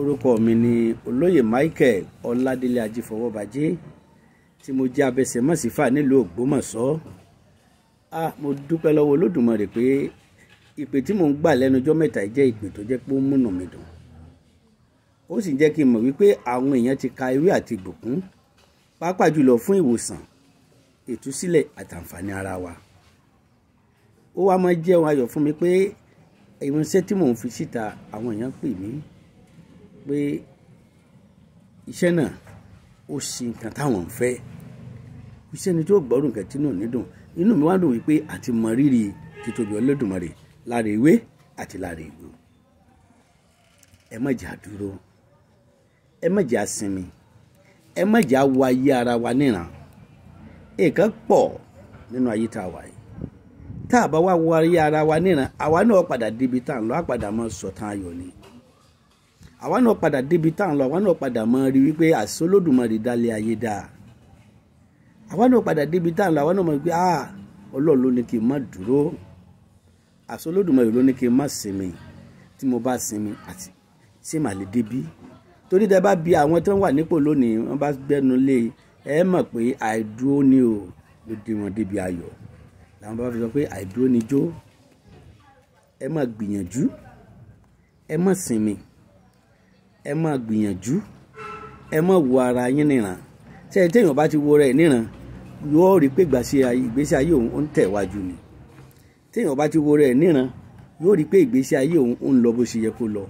orúkọ mi ni olóyè michael ọládélé ajífọwọ́bajé tí mo jẹ́ abẹsẹ̀mọ́sífà nílùú ògbómọ̀ṣọ́ a mo dúpẹ́ lọ́wọ́ olódùmarè pé ìpè tí mò ń gbà lẹ́nujọ́ mẹ́ta jẹ́ ìpè tó jẹ́ pé ó múnà mi dùn ó sì jẹ́ kí n mọ̀ wípé àwọn èèyàn ti ka ewé àti ìbùkún pàápàá jùlọ fún ìwòsàn ìtúsílẹ̀ àtàǹfààní ara wa ó wá máa jẹ́ ohun ayọ̀ fún mi pé ìránṣẹ́ tí mò ń fi síta àwọn èèyàn pè mí pé iṣẹ́ náà ó ṣe nǹkan táwọn ń fẹ́ iṣẹ́ ni tí ó gbọ́dún nǹkan náà nídùn inú mi wá dùn wípé àti mọ rírì títóbi Olódùmarè lára ìwé àti lára ìwé ẹ má jà dúró ẹ má jà sinmi ẹ má jà wo ayé ara wa níran nǹkan pọ̀ nínú ayé tá a wà yìí tá a bá wá wo ayé ara wa níran àwa náà padà débi tá à ń lọ àpàdà mọ́ sọ̀tàn ayọ̀ ni àwa náà padà débi tá à ń lọ àwa náà padà mọ rí wípé àsolódùmarè dálé ayé dáa àwa náà padà débi tá lọ àwa náà mọ wípé ah ọlọ́run ló ní kí n má dúró àsolódùmarè ló ní kí n má sinmi tí mo bá sinmi àti ṣé màá lè débi torí tẹ bá bi àwọn tó ń wà nípò lónìí wọn bá gbẹnu lé ẹ mọ̀ pé àìdúró ni o ló dé wọn débi ayọ̀ làwọn bá fi sọ pé àìdúró ni jó ẹ má gbìyànjú ẹ má sinmi ẹ máa gbìyànjú ẹ máa wo ara yín níran ṣe téèyàn bá ti wo rẹ̀ níran yóò rí pé ìgbésí ayé òun ń tẹ̀wájú ni téèyàn bá ti wo rẹ̀ níran yóò rí pé ìgbésí ayé òun ń lọ bó ṣe yẹ kó lọ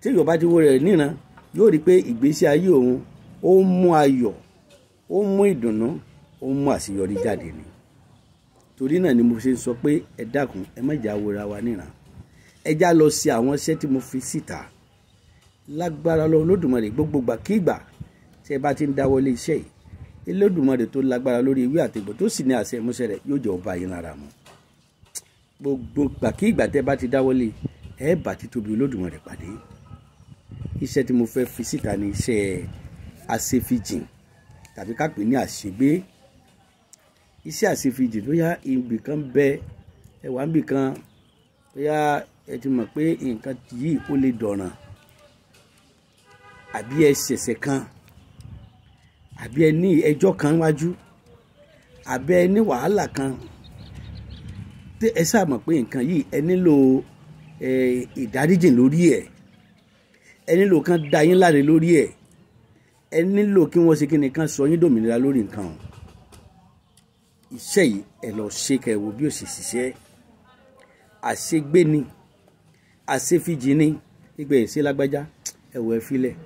téèyàn bá ti wo rẹ̀ níran yóò rí pé ìgbésí ayé òun ó ń mú ayọ̀ ó ń mú ìdùnnú ó ń mú àṣeyọrí jáde ni torí náà ni mo ṣe ń sọ pé ẹ dákun ẹ má jà wòra wa níran ẹ já lọ sí àwọn iṣẹ́ tí mo fi síta. Si lágbára lọ olódùmarè gbogbogbà kígbà tí ẹ bá ti ń dáwọ́lé iṣẹ́ yìí Elédùmarè tó lágbára lórí ewé àtẹ̀gbò tó sì ní àṣẹ ìmúṣẹ rẹ̀ yóò jẹ́ ọba yín lára mu gbogbo gbà kí ìgbà tẹ́ bá ti dáwọ́lé ẹ bá ti tóbi Olódùmarè pàdé iṣẹ́ tí mo fẹ́ fi síta ni iṣẹ́ àṣefijìn tàbí ká pè ní àṣegbé iṣẹ́ àṣefijìn tó yá ibìkan bẹ ẹwà ibìkan tó yá ẹ ti mọ̀ pé nǹkan yìí ó lè dọ̀ràn àbí ẹ ṣẹ̀ṣẹ̀ kan àbí ẹ ní ẹjọ́ kan wájú àbí ẹ ní wàhálà kan ẹ sáà mọ̀ pé nǹkan yìí ẹ nílò ìdáríjìn lórí ẹ̀ ẹ nílò kan da yín láre lórí ẹ̀ ẹ nílò kí wọ́n ṣe kí nìkan sọ yín dòmìnira lórí nǹkan o iṣẹ́ yìí ẹ lọ ṣe kẹ́ bí ó ṣe ṣiṣẹ́ àṣegbé ni àṣefíjì ni ìgbẹ́ ìṣe lágbájá ẹ wọ ẹ filẹ̀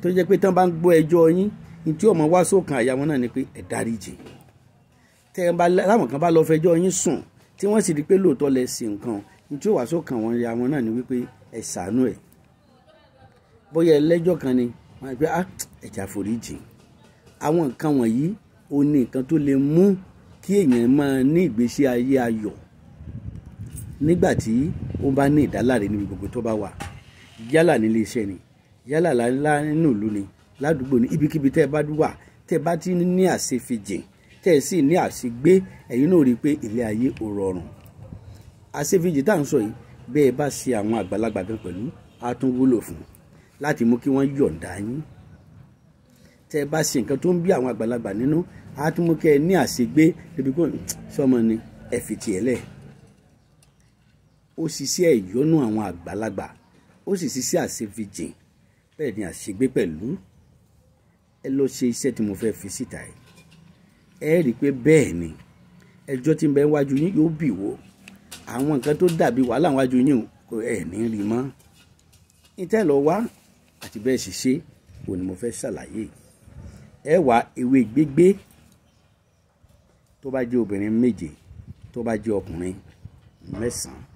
tó jẹ́ pé tán bá ń gbọ́ ẹjọ́ yín ní tí ọmọ wá sókàn àyà wọn náà ni pé ẹ dáríjì tẹ ẹ bá láwọn kan bá lọ fẹjọ́ yín sùn tí wọ́n sì rí pé lóòótọ́ lẹ sí nǹkan ní tí ó wá sókàn wọn ya wọn náà ni wípé ẹ ṣàánú ẹ bóyá ẹlẹ́jọ́ kan ni wọ́n á pé ah ẹ̀jẹ̀ àwọn nǹkan wọ̀nyí ó ní nǹkan tó lè mú kí èèyàn máa ní ìgbésí ayé ayọ̀ nígbà tí ó bá ní ìdáláre níbi gbogbo tó bá wà yálà nílé iṣẹ́ ni yálà ńlá nínú ìlú ni ládùúgbò ní ibikíbi tẹ́ ẹ bá wà tẹ́ ẹ bá ti ní àṣefìjìn tẹ́ ẹ sì ní àṣegbé ẹ̀yin náà rí i pé ilé ayé ò rọrùn àṣefìjìn tá à ń sọ yìí bẹ́ẹ̀ bá ṣe àwọn àgbàlagbà kan pẹ̀lú á tún wúlò fún láti mú kí wọ́n yọ̀ǹda yín tẹ́ ẹ bá ṣe nǹkan tó ń bí àwọn àgbàlagbà nínú á tún mú kẹ́ ẹ ní àṣegbé débi kó sọmọ ni ẹ fi tiẹ̀ lẹ̀ ó ṣiṣẹ́ ìyọ́nú àwọn àgbàlagbà ó sì ṣiṣẹ́ àṣefìjìn bẹ́ẹ̀ ni àṣegbé pẹ̀lú ẹ lọ ṣe iṣẹ́ tí mo fẹ́ fi síta yìí ẹ rí i pé bẹ́ẹ̀ ni ẹjọ́ tí ń bẹ wájú yín yóò bì wò àwọn nǹkan tó dàbí wàhálà wájú yín kò ẹ̀ ní rí mọ́ ìtẹ́ lọ wá àti bẹ́ẹ̀ sì ṣe òun ni mo fẹ́ ṣàlàyé ẹ wá ewé gbégbé tó bá jẹ́ obìnrin méje tó bá jẹ́ ọkùnrin mẹ́sàn-án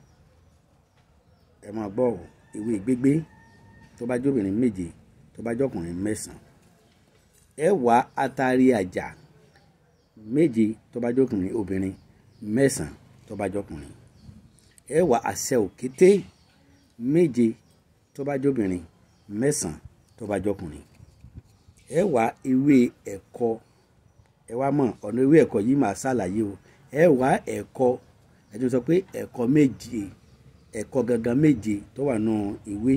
ẹ máa gbọ́ ewé gbégbé tó bá jóbìnrin méje tó bá jọkùnrin mẹ́sàn-án ẹ wá atari àjà méje tó bá jọkùnrin obìnrin mẹ́sàn-án tó bá jọkùnrin ẹ wá àṣẹ òkété méje tó bá jọbìnrin mẹ́sàn-án tó bá jọkùnrin ẹ wá ewé ẹ̀kọ ẹ wá mọ̀ ọ̀nà ewé ẹ̀kọ yìí máa ṣàlàyé o ẹ wá ẹ̀kọ ẹ ti sọ pé ẹ̀kọ méje ẹ̀kọ gangan méje tó wà nù ìwé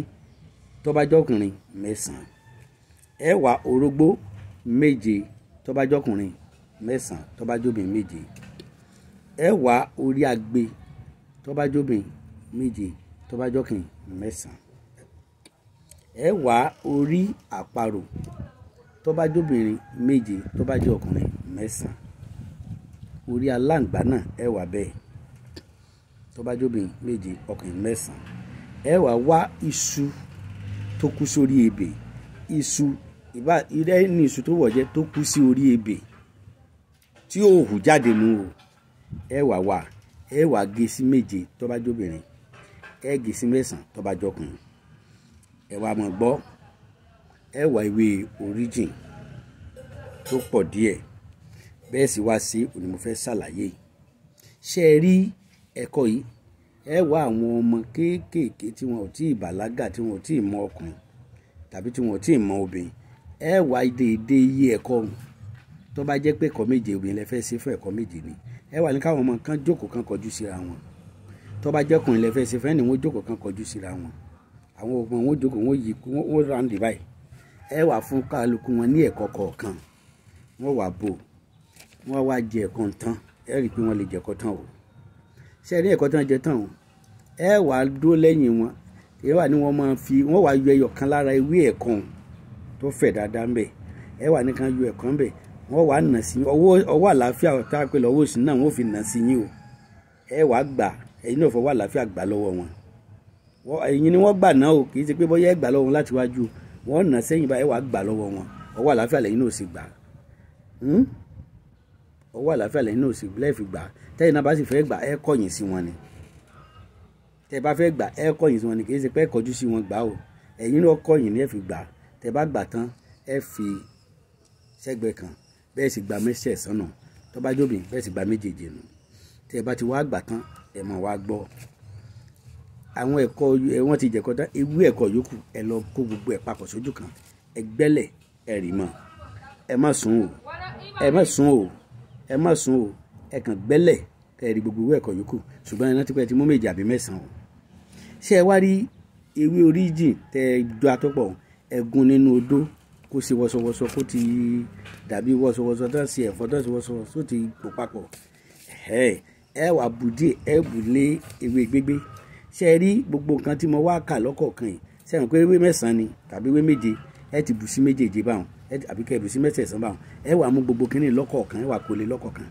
tó bá jọkùnrin mẹ́sàn-án ẹ̀wà orógbó méje tó bá jọkùnrin mẹ́sàn-án tó bá jóbìn méje ẹ̀wà orí agbe tó bá jóbìn méje tó bá jọkùnrin mẹ́sàn-án ẹ̀wà orí àparò tó bá jóbìnrin méje tó bá jẹ́ ọkùnrin mẹ́sàn-án orí aláǹgbá náà ẹ̀wà bẹ́ẹ̀ tó méje ọkùnrin mẹ́sàn-án ẹ̀wà wá iṣu tó kú sórí ebè iṣu ìbá ìrẹ́ ní iṣu tó wọ̀ jẹ́ tó kú sí orí ebè tí yóò hù jáde nù o ẹ wà wà ẹ wà gé sí méje tó bá jóbìnrin ẹ gé sí mẹ́sàn-án tó ẹ wà mọ̀ gbọ́ ẹ wà ìwé origin tó pọ̀ díẹ̀ bẹ́ẹ̀ sì wá sí òní ṣàlàyé ṣe é rí ẹ̀kọ́ yìí ẹ wá àwọn ọmọ kéékèèké tí wọn ò tí ì bàlágà tí wọn ò tí ì mọ ọkùnrin tàbí tí wọn ò tí ì mọ obìnrin ẹ wá déédé iye ẹ̀kọ́ tó bá jẹ́ pé ẹ̀kọ́ méje obìnrin lẹ fẹ́ ṣe fún ẹ̀kọ́ méje ni ẹ wà ní káwọn ọmọ kan jókòó kan kọjú síra wọn tó bá jẹ́ ọkùnrin lẹ fẹ́ ṣe fún ẹni wọn jókòó kan kọjú síra wọn àwọn ọmọ wọn jókòó wọn yí wọn ráńdì báyìí ẹ wà fún kálukú wọn ní ẹ̀kọ́ kọ̀ọ̀kan wọn wà bò wọn wá jẹ ẹ̀kọ́ tán ẹ rí i pé wọn lè jẹ ẹ̀kọ́ tán o ṣe rí ẹ̀kọ́ tí wọ́n jẹ tán wọn ẹ wà á dúró lẹ́yìn wọn ẹ wà ní wọ́n máa fi wọ́n wà á yọ ẹyọ kan lára ewé ẹ̀kan tó fẹ̀ dáadáa ńbẹ̀ ẹ wà nìkan yọ ẹ̀kan ńbẹ̀ wọ́n wà á nà sí ọwọ́ ọwọ́ àlàáfíà tá a pè lọ́wọ́ òsì náà wọ́n fi nà sí yín o ẹ wà á gbà ẹ̀yin náà fọwọ́ àlàáfíà gbà lọ́wọ́ wọn ẹ̀yin ni wọ́n gbà náà o kì í ṣe pé bọ́yá ẹ gbà lọ́wọ́ wọn láti wájú wọ́n nà sẹ́yìn bá ẹ wà á gbà lọ́wọ́ wọn ọwọ́ àlàáfíà lẹ́yìn náà ò sì gbà. Hmm? ọwọ́ àlàáfíà lẹ́yìn náà sì lẹ́ẹ̀fì gbà tẹ́yìn náà bá sì fẹ́ gbà ẹ kọ̀yìn sí wọn ni tẹ́ bá fẹ́ gbà ẹ kọ̀yìn sí wọn ni kì í ṣe pé ẹ kọjú sí wọn gbà o ẹ̀yin náà kọ̀yìn ní ẹ fi gbà tẹ́ bá gbà tán ẹ fi sẹ́gbẹ̀ẹ́ kan bẹ́ẹ̀ sì gba mẹ́sẹ̀ sọ́nà tó bá jóbi bẹ́ẹ̀ sì gba méjèèjì nù tẹ́ bá ti wá gbà tán ẹ máa wá gbọ́ àwọn ẹ̀kọ́ ẹ wọ́n ti jẹ̀kọ́ dá ewé ẹ̀kọ́ yòókù ẹ lọ kó gbogbo ẹ̀ papọ̀ sójú kan ẹ gbẹ́lẹ̀ ẹ rì mọ́ ẹ má sùn o ẹ má sùn o ẹ má sùn o ẹ kàn gbẹ́lẹ̀ kẹrì gbogbo owó ẹ̀kọ́ yòókù ṣùgbọ́n ẹ rántí pé ti mú méjì àbí mẹ́sàn-án o ṣé ẹ wá rí ewé oríjìn tẹ jọ atọ́pọ̀ ẹ̀gún nínú odó kó ṣe wọ́sọwọ́sọ kó ti dàbí wọ́sọwọ́sọ tó ń ṣe ẹ̀fọ́ tó ń ṣe wọ́sọwọ́sọ tó ti pò papọ̀ ẹ wà bùdí ẹ bù lé ewé gbégbé ṣe rí gbogbo nǹkan tí mo wá kà lọ́kọ̀ọ̀kan yìí ṣe hàn pé ewé mẹ́sàn-án ni tàbí ewé méje ẹ ti bù sí méjèèjì báwọn àbí kẹ́ ẹ lù sí mẹ́sẹ̀sán báwọn ẹ wà mú gbogbo kínní lọ́kọ̀ọ̀kan ẹ wà kó lé lọ́kọ̀ọ̀kan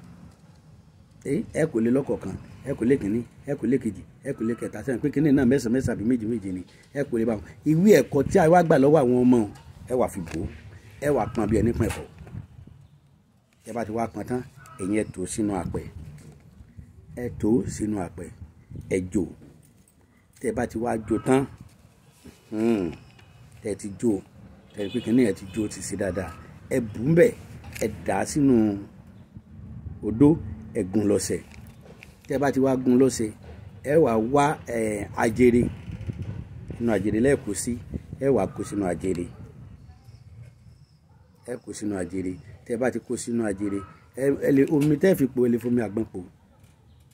ẹ kó lé lọ́kọ̀ọ̀kan ẹ kó lé kínní ẹ kó lé kejì ẹ kó lé kẹta sẹ́yìn pé kínní náà mẹ́sàn mẹ́sàn àbí méjì méjì ni ẹ kó lé báwọn ìwé ẹ̀kọ́ tí a wá gbà lọ́wọ́ àwọn ọmọ ẹ wà fi bò ó ẹ wà pọn bí ẹni pọn ẹ̀fọ́ ti wá tẹ tẹ ti jò tẹ̀lé pé kínní yẹn ti jó ti ṣe dáadáa ẹ bù ń bẹ̀ ẹ dà á sínú odó ẹ gún lọ́sẹ̀ tẹ́ bá ti wá gún lọ́sẹ̀ ẹ wá wá ajere inú ajere lẹ́ẹ̀kó sí ẹ wá kó sínú ajere ẹ kó sínú ajere tẹ́ bá ti kó sínú ajere ẹ lè omi tẹ́ fi po ẹ lè fomi àgbọn po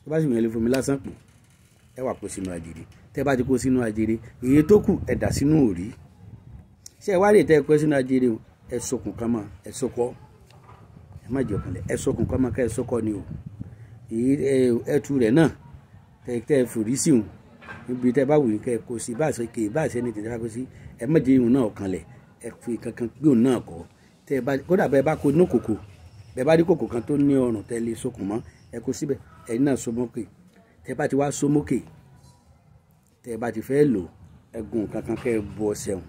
tẹ́ bá sì yàn ẹ lè fomi lásán po ẹ wá kó sínú ajere tẹ́ bá ti kó sínú ajere èyí tó kù ẹ sínú òrí ṣé ẹ wá rè tẹ ẹ kó sínú ajere o ẹ sokùn kan mọ ẹ sokọ ẹ má jọkàn lẹ ẹ sokùn kan mọ ká ẹ sokọ ni o èyí ẹ ẹtu rẹ náà tẹ tẹ ẹ fòrí sí o níbi tẹ bá wù yín kẹ ẹ kó sí bá àṣẹ kè bá àṣẹ ní tẹ ẹ kó sí ẹ má jẹ ihun náà kan lẹ ẹ fi kankan gbé òun náà kọ tẹ ẹ bá kódà bẹ bá kó ní kòkò bẹ bá rí kòkò kan tó ní ọrùn tẹ lè sokùn mọ ẹ kó síbẹ ẹyin náà so mọkè tẹ bá ti wá so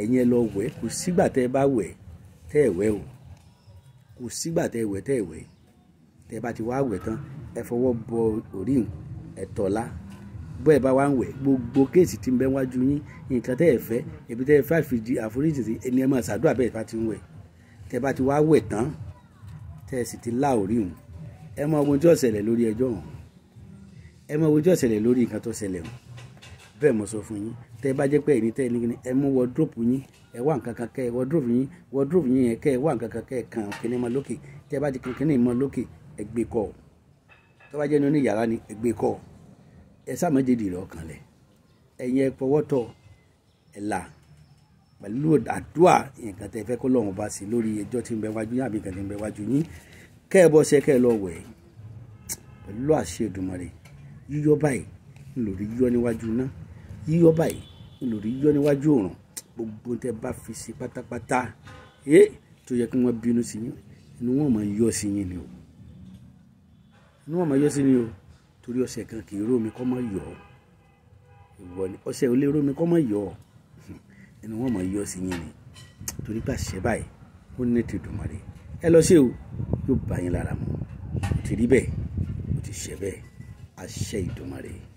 ẹ̀yin ẹ lọ wẹ̀ kò sígbà tẹ́ ẹ bá wẹ̀ tẹ́ ẹ wẹ̀ o kò sígbà tẹ́ ẹ wẹ̀ tẹ́ ẹ wẹ̀ tẹ́ ẹ bá ti wá wẹ̀ tán ẹ fọwọ́ bọ orí ẹ tọ̀la bọ́ ẹ bá wá ń wẹ̀ gbogbo kéèsì tí ń bẹ wájú yín nǹkan tẹ́ ẹ fẹ́ ebi tẹ́ ẹ fẹ́ àfìdí àforíjì sí ẹni ẹ máa ṣàdúrà bẹ́ẹ̀ bá ti ń wẹ̀ tẹ́ ẹ bá ti wá wẹ̀ tán tẹ́ ẹ sì ti lá orí hùn ẹ mọ ohun tí ó lórí ẹjọ́ hàn ẹ mọ ohun tí ó lórí nǹkan tó ṣẹlẹ̀ hàn bẹ́ẹ̀ mo sọ fún yín tẹ́ ẹ bá jẹ́ pé ẹni tẹ́ ẹ ní kíni ẹ mú wọ́dúrópù yín ẹ wá nǹkan kan kẹ́ ẹ wọ́dúrópù yín wọ́dúrópù yín yẹn kẹ́ ẹ wá nǹkan kan kẹ́ ẹ kàn kíní mọ́ lókè tẹ́ ẹ bá ti kàn kíní mọ́ lókè ẹ gbé kọ́ tó bá jẹ́ ní oníyàrá ni ẹ gbé kọ́ ẹ sá méjèèjì rẹ̀ ọkàn lẹ̀ ẹ̀yin ẹ fọwọ́ tọ̀ ẹ là pẹ̀lú àdúrà nǹkan tẹ́ fẹ́ kó lọ́run bá sí lórí ẹjọ́ tí ń bẹ wájú yín àbí nǹkan tí yíyọ níwájú náà yíyọ báyìí olórí yíyọ níwájú òòrùn gbogbo tẹ bá fi ṣe pátápátá ẹ tó yẹ kí wọn bínú sí yín inú wọn máa yọ sí yín ni o inú wọn máa yọ sí yín o torí ọṣẹ kan kì í rómi kọ́ máa yọ ìwọ ni ọṣẹ ò lè rómi kọ́ máa yọ inú wọn máa yọ sí yín ni torí pé àṣẹ báyìí ó ní ti dùn mọ́lẹ̀ ẹ lọ sí o yóò bá yín lára mu ó ti rí bẹ́ẹ̀ ó ti ṣe bẹ́ẹ̀ àṣẹ ìdùnmọ́ yìí.